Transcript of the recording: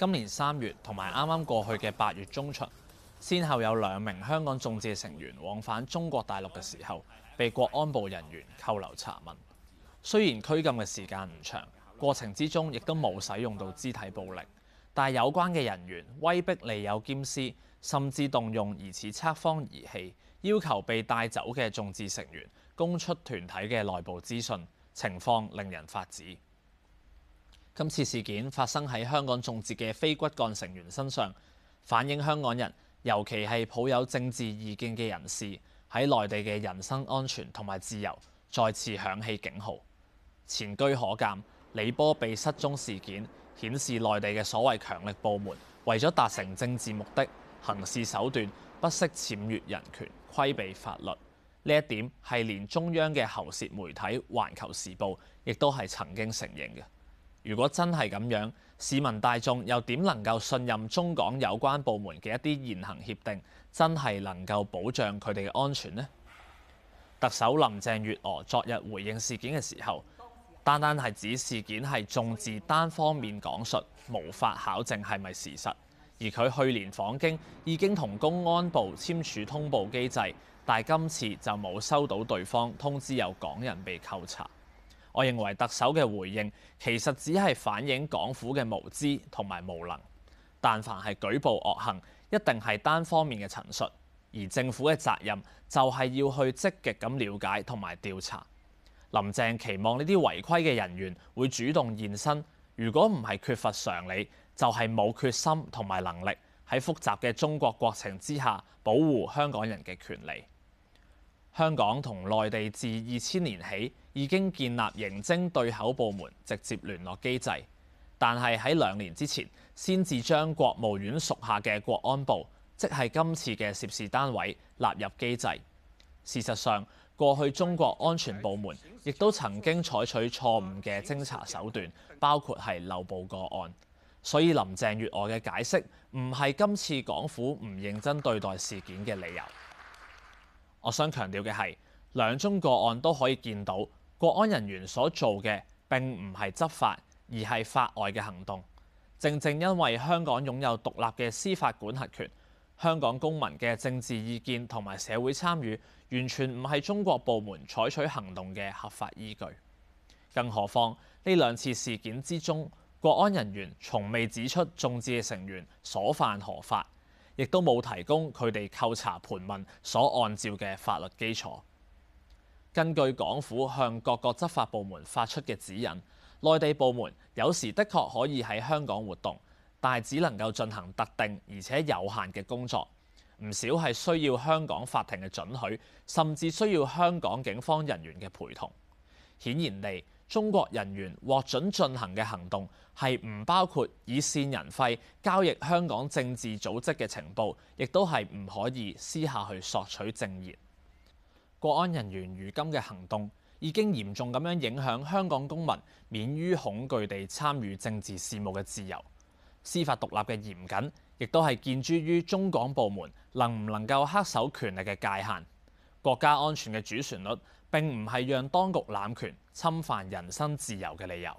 今年三月同埋啱啱過去嘅八月中旬，先後有兩名香港眾志成員往返中國大陸嘅時候，被國安部人員扣留查問。雖然拘禁嘅時間唔長，過程之中亦都冇使用到肢體暴力，但有關嘅人員威逼利誘兼施，甚至動用疑似測謊儀器，要求被帶走嘅眾志成員供出團體嘅內部資訊，情況令人髮指。今次事件發生喺香港眾志嘅非骨幹成員身上，反映香港人，尤其係抱有政治意見嘅人士喺內地嘅人身安全同埋自由，再次響起警號。前居可鑑，李波被失蹤事件顯示，內地嘅所謂強力部門為咗達成政治目的，行事手段不惜僭越人權、規避法律。呢一點係連中央嘅喉舌媒體《環球時報》亦都係曾經承認嘅。如果真係咁樣，市民大眾又點能夠信任中港有關部門嘅一啲現行協定，真係能夠保障佢哋嘅安全呢？特首林鄭月娥昨日回應事件嘅時候，單單係指事件係眾志單方面講述，無法考證係咪事實。而佢去年訪京已經同公安部簽署通報機制，但今次就冇收到對方通知有港人被扣查。我認為特首嘅回應其實只係反映港府嘅無知同埋無能。但凡係舉報惡行，一定係單方面嘅陳述，而政府嘅責任就係要去積極咁了解同埋調查。林鄭期望呢啲違規嘅人員會主動現身。如果唔係缺乏常理，就係冇決心同埋能力喺複雜嘅中國國情之下保護香港人嘅權利。香港同內地自二千年起，已經建立刑偵對口部門直接聯絡機制，但係喺兩年之前先至將國務院屬下嘅國安部，即係今次嘅涉事單位納入機制。事實上，過去中國安全部門亦都曾經採取錯誤嘅偵查手段，包括係漏報個案。所以林鄭月娥嘅解釋唔係今次港府唔認真對待事件嘅理由。我想強調嘅係，兩宗個案都可以見到。國安人員所做嘅並唔係執法，而係法外嘅行動。正正因為香港擁有獨立嘅司法管轄權，香港公民嘅政治意見同埋社會參與，完全唔係中國部門採取行動嘅合法依據。更何況呢兩次事件之中，國安人員從未指出眾志嘅成員所犯何法，亦都冇提供佢哋扣查盤問所按照嘅法律基礎。根據港府向各個執法部門發出嘅指引，內地部門有時的確可以喺香港活動，但係只能夠進行特定而且有限嘅工作，唔少係需要香港法庭嘅准許，甚至需要香港警方人員嘅陪同。顯然地，中國人員獲准進行嘅行動係唔包括以線人費交易香港政治組織嘅情報，亦都係唔可以私下去索取證言。國安人員如今嘅行動，已經嚴重咁樣影響香港公民免於恐懼地參與政治事務嘅自由。司法獨立嘅嚴謹，亦都係建諸於中港部門能唔能夠恪守權力嘅界限。國家安全嘅主旋律，並唔係讓當局濫權、侵犯人身自由嘅理由。